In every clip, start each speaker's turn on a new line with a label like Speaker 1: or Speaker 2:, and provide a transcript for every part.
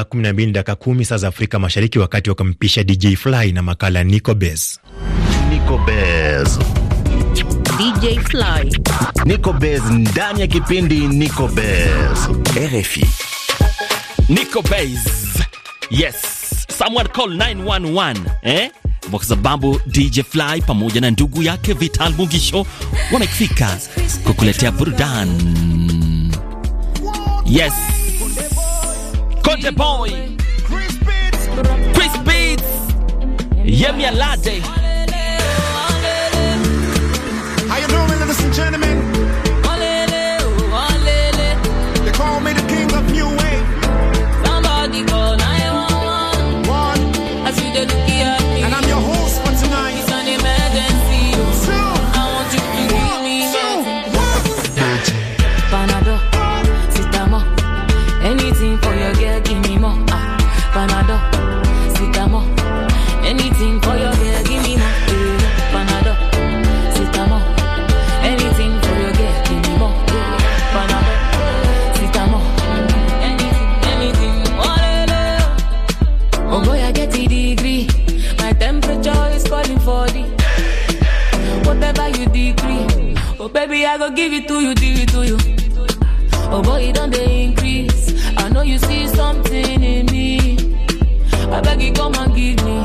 Speaker 1: saa 12 dakika saa za Afrika Mashariki, wakati wakampisha DJ Fly na makala Nico Bez. Nico Bez.
Speaker 2: DJ Fly.
Speaker 1: Nico Bez ndani ya kipindi Nico Bez. RFI. Nico Bez. Yes. Someone call 911. Eh? DJ Fly pamoja na ndugu yake Vital Mugisho wamefika kukuletea burudani. Yes. Kote Boy, Chris Beats, Yemi Alade
Speaker 2: baby, I go give it to you, give it to you. Oh boy, don't they increase. I know you see something in me. I beg you, come and give me.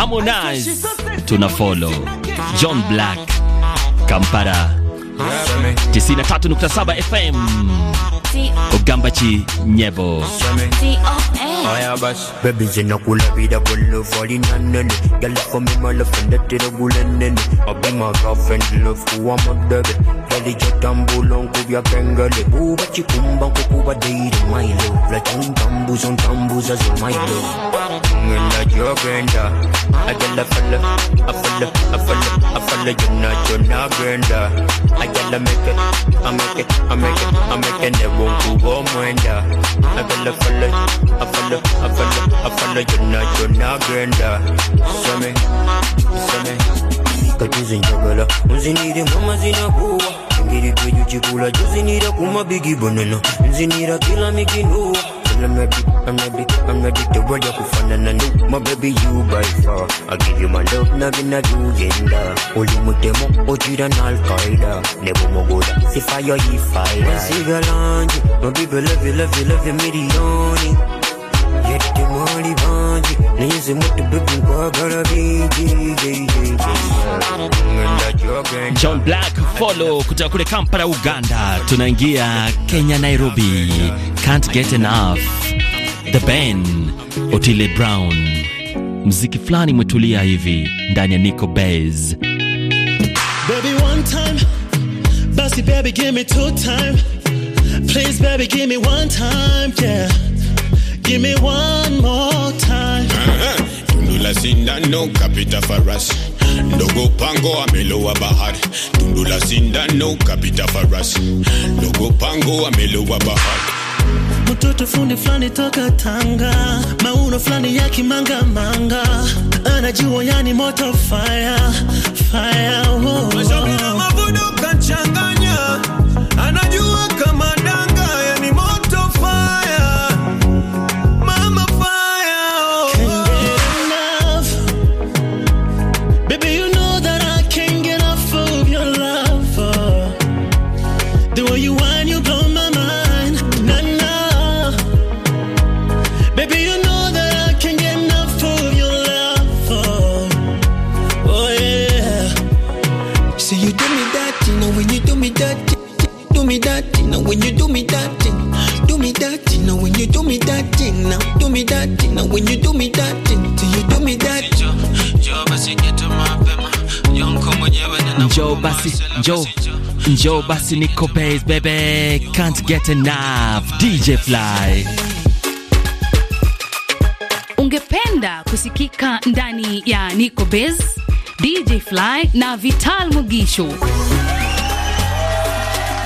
Speaker 1: Harmonize tuna follow John Black Kampala 93.7 FM Ogambachi Nyebo Aya bas Baby zina kula vida kula fali nanene Gala
Speaker 3: kwa mima lafenda tira and that it gulenene I girlfriend love kuwa madabe I kubya kengele buba chikumba kukuba deire mailo la chumtambuza untambuza zo mailo ngela jogenda ajala fala afala afala afala jona jona genda ajala meke ameke ameke ameke nebo kubo mwenda ajala fala afala afala afala jona jona genda same same kachizinjagala unzinire mama zinakuwa ngirigwe yugigula juzinira kumabigibonano nzinira kila mikinuwa I'm not big, I'm not big, I'm not big to what you fun and I know my baby you by far. I give you my love, nothing I do yenda. Olu mutemo, ojira na al-qaida. Nebo
Speaker 2: mogoda, si fire if I die.
Speaker 3: Wasigalanji, my love you, love you, love you, milioni. Yette moli Nizi mutu bibi mkwagala biji
Speaker 1: John Black follow kutoka kule Kampala Uganda, tunaingia Kenya Nairobi, can't get enough the Ben Otile Brown, mziki fulani mwetulia hivi ndani ya Nico Bez. Baby one time basi baby give me two time please baby give me one time yeah Give me one more time.
Speaker 4: Uh-huh. Tundu la sindano kapita farasi ndogo pango amelowa bahari. Tundu la sindano kapita farasi ndogo pango amelowa bahari.
Speaker 3: Mtoto fundi flani toka Tanga, mauno flani ya kimanga manga, anajua yani moto fire fire, oh, oh.
Speaker 1: Yo, basi niko base bebe can't get enough DJ Fly.
Speaker 2: Ungependa kusikika ndani ya Niko Base, DJ Fly na Vital Mugisho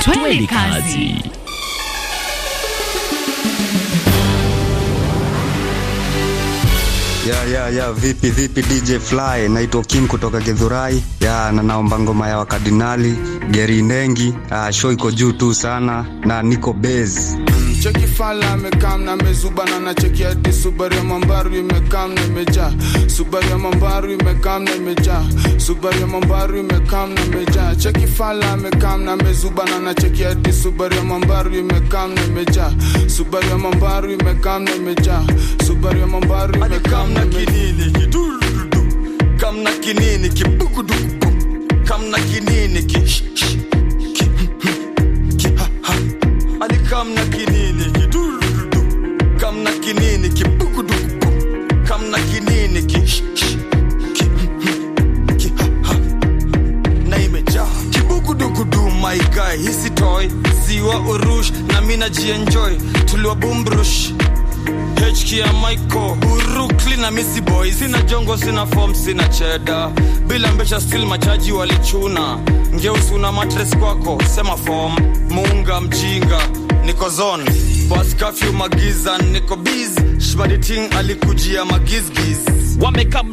Speaker 1: Twende kazi.
Speaker 3: Ya, ya, ya, vipi vipi DJ Fly, naitwa Kim kutoka Gedhurai ya na naomba ngoma ya kardinali Gerinengi. Uh, ah, show iko juu tu sana na niko base
Speaker 4: Mcheki fala amekam na mezubana na cheki hadi subari ya Mambaru imekam na imejaa. subari ya Mambaru imekam na imejaa. subari ya Mambaru imekam na imejaa. Cheki fala amekam na mezubana na cheki hadi subari ya Mambaru imekam na imejaa. subari ya Mambaru imekam na imejaa. subari ya Mambaru imekam na kinini kidurudu. Kam na kinini kibugudu. Kam na kinini ki. Ki. Hmm, hmm, ki.
Speaker 3: Ha ha. Ali kam na kinini haigai hisi toy ziwa urush na mi najienjoy tuliwa bumbrush HK ya Michael Urukli na Missy Boy, sina jongo, sina form, sina cheda, bila mbesha still machaji walichuna ngeusi, una mattress kwako, sema form, muunga mjinga, niko zone bas kafyu magiza, niko biz shibadi shbaditing, alikujia magizgiz,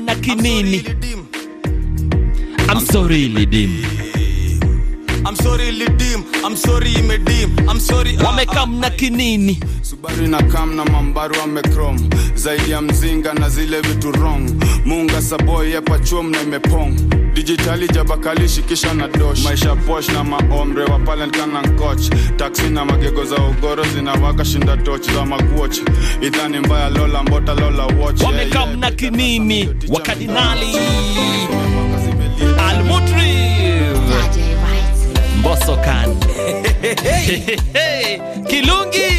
Speaker 3: na kinini, I'm sorry lidim,
Speaker 1: I'm sorry, lidim.
Speaker 4: I'm sorry lidim, I'm sorry imedim, I'm sorry ah, wamekam ah. na kinini Subaru na kam na mambaru wamekrom zaidi ya mzinga na zile vitu wrong munga saboy yepa chum na imepong dijitali jabakalishi kisha na dosh maisha posh na maomre wa palenkana nkoch taksi na magego za ugoro zinawaka shinda toch za makuoch idhani mbaya lola mbota lola watch wamekam yeah, yeah, kinini wakadinali
Speaker 1: almutri Mboso kan Kilungi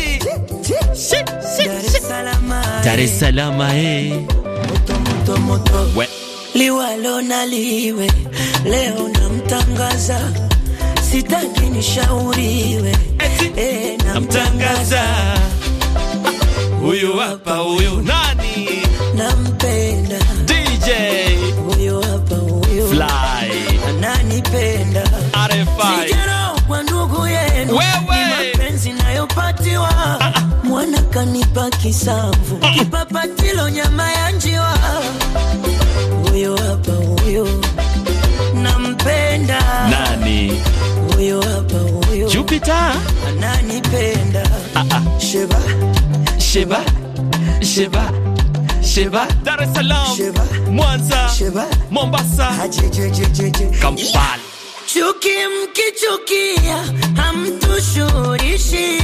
Speaker 1: Dar es Salaam eh moto, moto, moto. We.
Speaker 3: Liwalo na liwe leo namtangaza sitaki nishauriwe eh, namtangaza huyu hapa huyu nani nampenda DJ huyu hapa huyu fly Nani pe? kisamvu, kipapatilo, nyama ya njiwa, huyo hapa huyo nampenda
Speaker 1: nani?
Speaker 3: Huyo hapa huyo Jupiter ananipenda. Ah, ah. Sheba Sheba Sheba Sheba, Dar es Salaam, Mwanza, Mombasa,
Speaker 1: Kampala
Speaker 3: Chuki mkichukia hamtushurishi,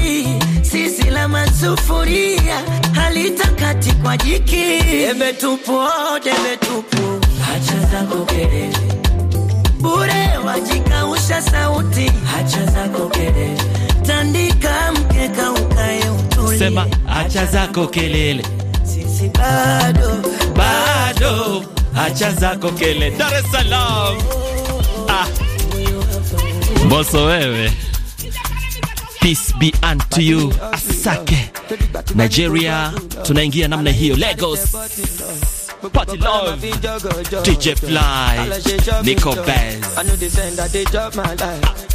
Speaker 3: sisi la masufuria halitakati kwa jiki. Debe tupu, oh, debe tupu, hacha zako kelele bure, wajikausha sauti, hacha zako kelele, tandika mkeka ukae utulie,
Speaker 1: sema hacha zako kelele,
Speaker 3: sisi bado
Speaker 1: bado, hacha zako kelele. Dar es Salaam, ah Mboso wewe. Peace be unto you. Asake. Nigeria tunaingia namna hiyo Lagos.
Speaker 3: Party love. DJ Fly. Nico Benz.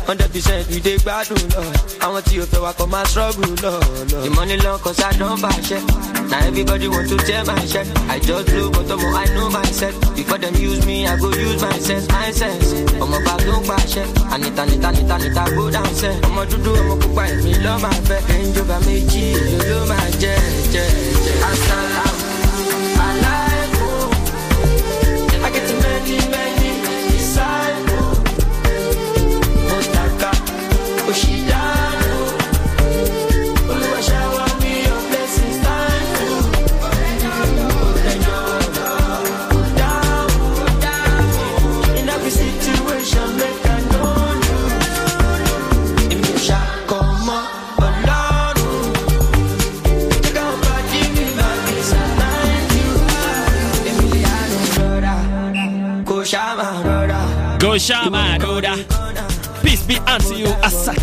Speaker 3: hundred percent we dey gbádùn lọ àwọn tí o fẹ́ wa kọ́ máa struggle lọ lọ. the money long cause i buy shit. na everybody want to tell my shit. i just blow but ọmọ i know myself before dem use me i go use my sense my sense ọmọ bá tó ń pàṣẹ ànita nita nita nita go down sẹ ọmọ dúdú ọmọ pupa èmi lọ́ọ́ máa fẹ́ ẹ̀ńjọba méjì èlò ló máa jẹ́ jẹ́ jẹ́.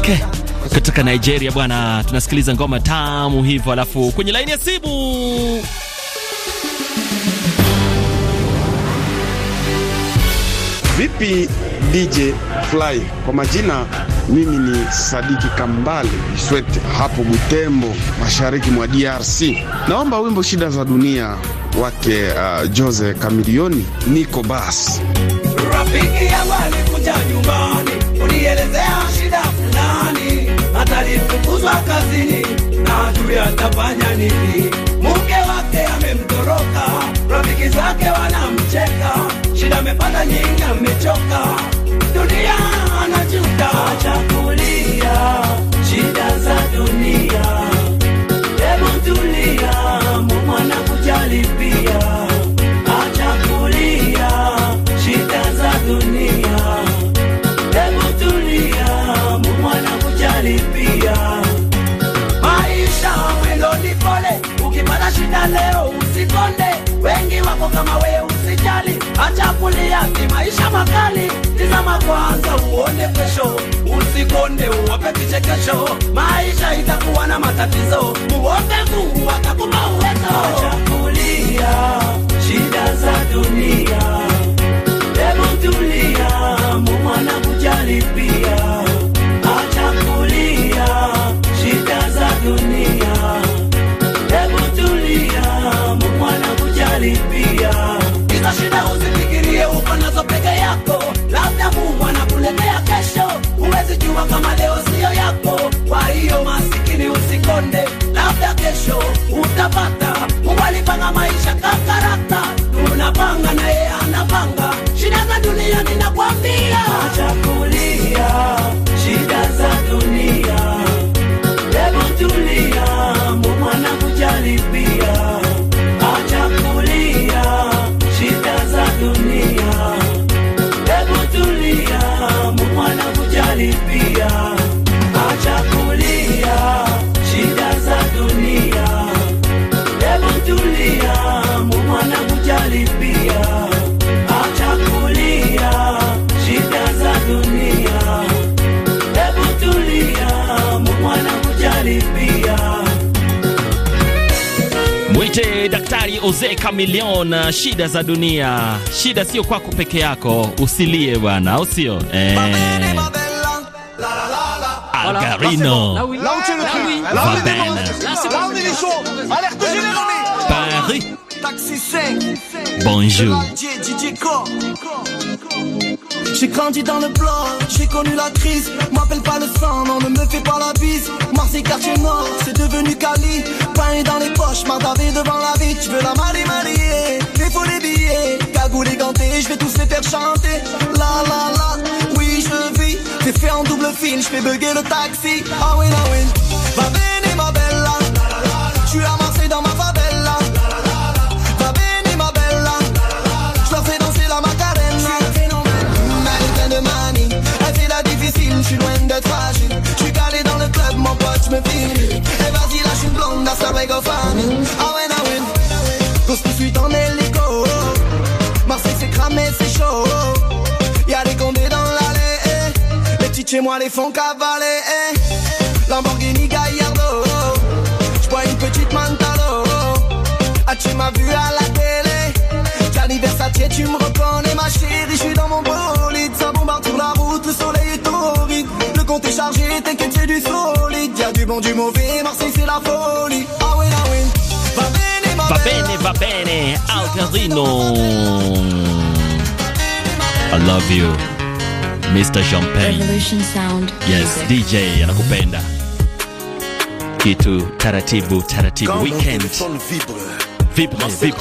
Speaker 1: Okay. kutoka Nigeria bwana. Tunasikiliza ngoma tamu hivyo, alafu kwenye laini ya simu
Speaker 4: Vipi DJ Fly? Kwa majina mimi ni Sadiki Kambale Iswete, hapo Butembo, mashariki mwa DRC. Naomba wimbo shida za dunia wake uh, Jose Kamilioni niko basi.
Speaker 3: Rafiki yangu alikuja nyumbani, unieleze atalifukuzwa kazini na ajue atafanya nini. Mke wake amemtoroka, rafiki zake wanamcheka, shida amepata nyingi, amechoka, dunia anajuta, achakulia shida za dunia kama we usijali, acha kulia, si maisha makali. Tizama kwanza uone kesho, usikonde uwape vichekesho. Maisha itakuwa na matatizo, muombe Mungu atakupa uwezo. Acha kulia shida za dunia
Speaker 1: Oze Kamilion na shida za dunia. Shida sio kwako peke yako, usilie bwana, au sio? Algarino.
Speaker 2: Paris.
Speaker 4: Bonjour. J'ai grandi dans le bloc, j'ai connu la crise. M'appelle pas le sang, non, ne me fais pas la bise. Marseille, quartier nord, c'est devenu Cali. Pain dans les poches, m'a m'entaver devant la vie. Tu veux la marie marier, mais faut les billets. Cagoule les ganté, je vais tous les faire chanter. La la la, oui, je vis. T'es fait en double fil, je fais bugger le taxi. Ah oui, ah oui, va ça va go fan. Ah ouais, ah suite en hélico. Marseille c'est cramé, c'est chaud. Y'a des condés dans l'allée. Eh. Les petits chez moi les font cavaler. Eh. Lamborghini Gallardo. J'bois une petite Mantalo. Ah, tu m'as vu à la télé. Gianni Versace, tu me reconnais, ma chérie. J'suis dans mon bolide. Ça bombarde sur la route, le soleil est horrible Le compte est chargé, t'inquiète, c'est du solide. Y'a du bon, du mauvais la folly. Ah oh, ah Va bene, va, bene, va
Speaker 1: bene. Al casino. I love you. Mr. Champagne. Revolution Sound. Yes, DJ anakupenda. Kitu taratibu taratibu weekend. Vibre, Ma vibre.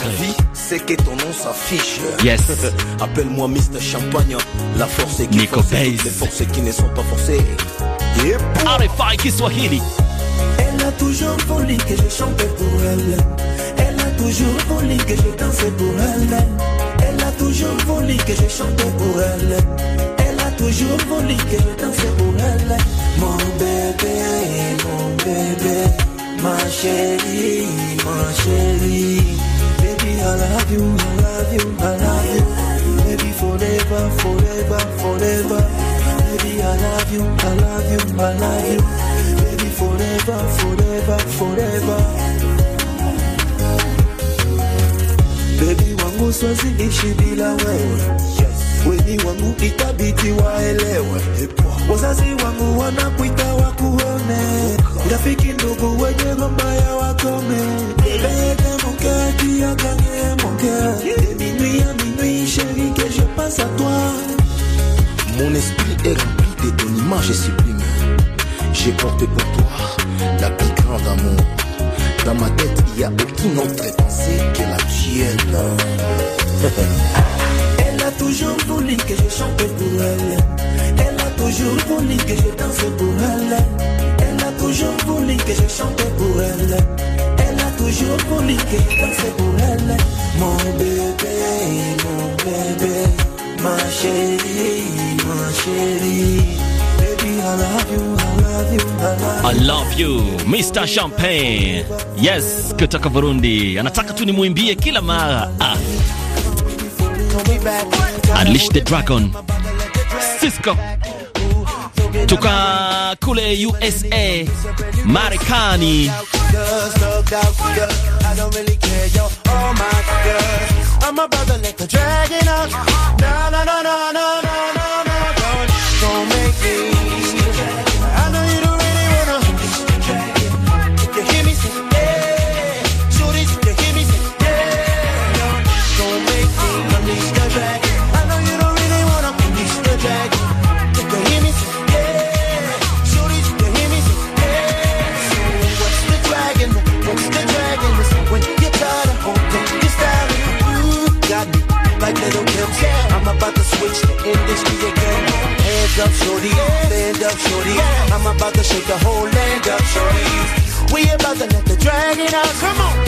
Speaker 1: C'est que ton nom s'affiche. Yes. Appelle-moi Mr. Champagne. La force est qui force, les forces qui ne sont pas forcées. RFI Kiswahili.
Speaker 3: Elle a toujours voulu que je chante pour elle. Elle a toujours voulu que je danse pour elle. Elle a toujours voulu que je chante pour elle. Elle a toujours voulu que je danse pour elle. Mon bébé, mon bébé, ma chérie, ma chérie. Baby, I love you, I love you, I love you. Baby, forever, forever, forever. Baby, I love you, I love you, I love you forever, forever, forever. Baby wangu siwezi niishi bila wewe, weni wangu itabidi waelewe. Wazazi wangu wanakuita wakuone, rafiki ndugu wenye mabaya wakome. Bébé mon cœur, tu as gagné mon cœur. minuit à minuit, chérie, que je passe à toi. Mon esprit est rempli de ton image sublime. Je porte pour ma tête, il n'y a aucune autre pensée que la tienne. elle a toujours voulu que je chante pour elle. Elle a toujours voulu que je danse pour elle. Elle a toujours voulu que je chante pour elle. Elle a toujours voulu que je danse pour elle. Mon bébé, mon bébé, ma chérie, ma chérie. I
Speaker 1: love you Mr Champagne, yes, kutoka Burundi. Anataka tu nimwimbie kila mara ah. Unleash the Dragon Cisco Tuka kule USA Marekani.
Speaker 3: up, shorty. Stand up, shorty. I'm about to shake the whole land up, shorty. We about to let the dragon out. Come on.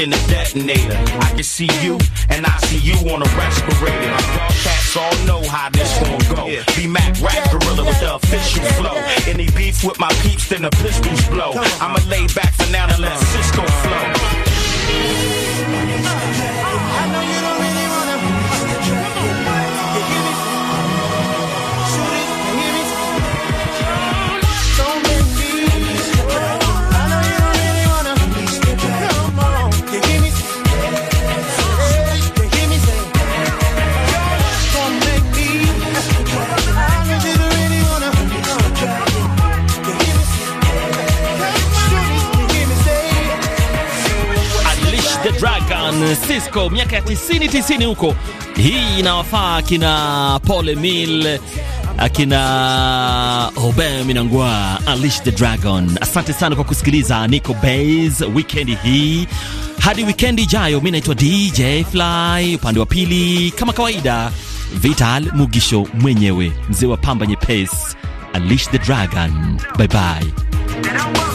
Speaker 1: in a detonator. I can see you, and I see you on a respirator. My Cats all know how this gon' go. Be Mac rap gorilla with the official
Speaker 3: flow. Any beef with my peeps, then the pistols blow. I'ma lay back for now and let Cisco flow. I know you don't really want
Speaker 1: the Dragon Cisco miaka ya 90 90 huko. Hii inawafaa akina Paul Emil, akina Robert Minangwa, Unleash the Dragon. Asante sana kwa kusikiliza Nico Bays weekend hii hadi weekend ijayo. Mimi naitwa DJ Fly, upande wa pili kama kawaida Vital Mugisho mwenyewe, mzee wa pamba nyepesi. Unleash the Dragon. Bye bye.